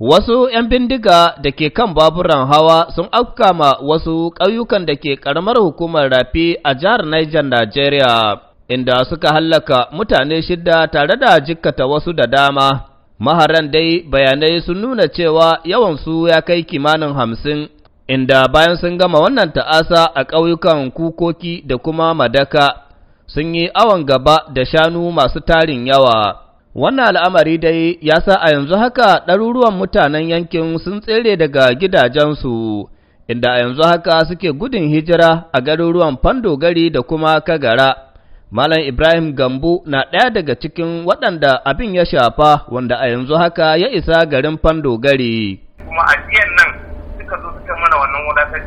Wasu ‘yan bindiga da ke kan baburan hawa sun afkama wasu ƙauyukan da ke ƙaramar hukumar rafi a jihar Niger, Najeriya, inda suka hallaka mutane shida tare da jikkata wasu da dama. Maharan dai bayanai sun nuna cewa yawan su ya kai kimanin hamsin, inda bayan sun gama wannan ta'asa a ƙauyukan kukoki da kuma madaka, sun yi awon gaba da shanu masu tarin yawa. Wannan al'amari dai ya sa a yanzu haka ɗaruruwan mutanen yankin sun tsere daga gidajensu, inda a yanzu haka suke gudun hijira a garuruwan fando gari da kuma Kagara. Malam Ibrahim Gambo na ɗaya daga cikin waɗanda abin ya shafa wanda a yanzu haka ya isa garin Fando gari. Kuma a nan suka zo suka mana wannan wadatar,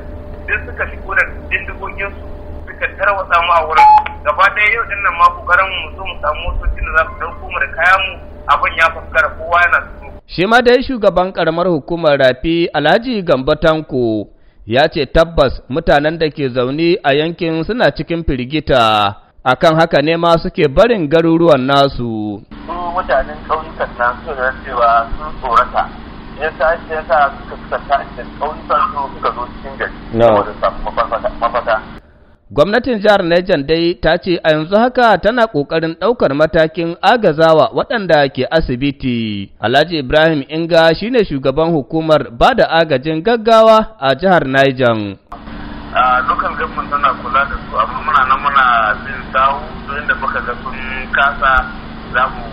duk suka shigo da dindigoginsu suka tarwatsa mu a wurin gaba ɗaya yau din nan ma kokarin mu zo mu samu motocin da za su dauko mu da kaya mu abin ya fuskara kowa yana su. shi ma dai shugaban karamar hukumar rafi alhaji Gambo tanko ya ce tabbas mutanen da ke zaune a yankin suna cikin firgita akan haka ne ma suke barin garuruwan nasu su mutanen ƙauyukan nan su da cewa sun tsorata yasa yasa suka suka tashi da ƙauyukan su suka zo cikin gari samu mafaka Gwamnatin jihar Niger dai ta ce a yanzu haka tana ƙoƙarin ɗaukar matakin agazawa waɗanda ke asibiti. Alhaji Ibrahim Inga shine shugaban hukumar ba da agajin gaggawa a jihar Niger. Local government tana kula da su amma muna nan muna bin sawu don da muka ga sun kasa za mu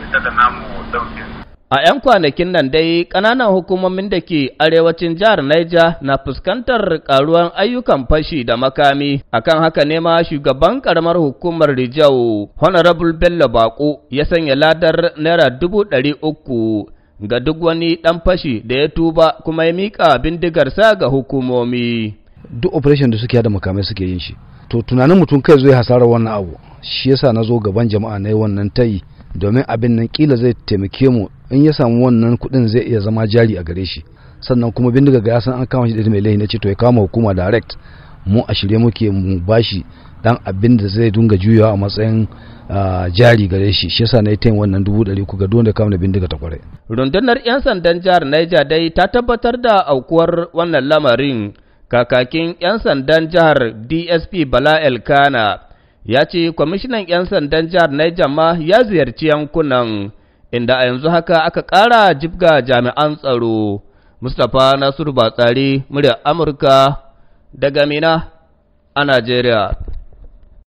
fita da namu ɗauke A ‘yan kwanakin nan dai ƙananan hukumomin da ke arewacin jihar Naija na fuskantar ƙaruwan ayyukan fashi da makami, akan haka ne ma shugaban ƙaramar hukumar Rijau, Honorable Bello Bako, ya sanya ladar Naira dubu ɗari uku ga duk wani ɗan fashi da ya tuba kuma ya miƙa bindigarsa ga hukumomi. Duk operation da suke da makamai suke yin shi. To tunanin mutum kai zai hasara wannan abu, shi yasa na zo gaban jama'a na yi wannan tayi. domin abin nan kila zai taimake mu in ya samu wannan kuɗin zai iya zama jari a gare shi sannan kuma bindiga gaya san an kama shi da mai laifi na ce to ya kama hukuma direct mu a shirye muke mu bashi dan abin da zai dunga juyawa a matsayin jari gare shi shi yasa na yi tayin wannan dubu ɗari ku ga da kama da bindiga ta kware. rundunar 'yan sandan jihar Niger dai ta tabbatar da aukuwar wannan lamarin kakakin 'yan sandan jihar DSP Bala Elkana ya ce kwamishinan 'yan sandan jihar Niger ma ya ziyarci yankunan inda a yanzu haka aka ƙara jibga jami'an tsaro. Mustapha Nasiru Batsari, muryar Amurka daga Mina a Najeriya.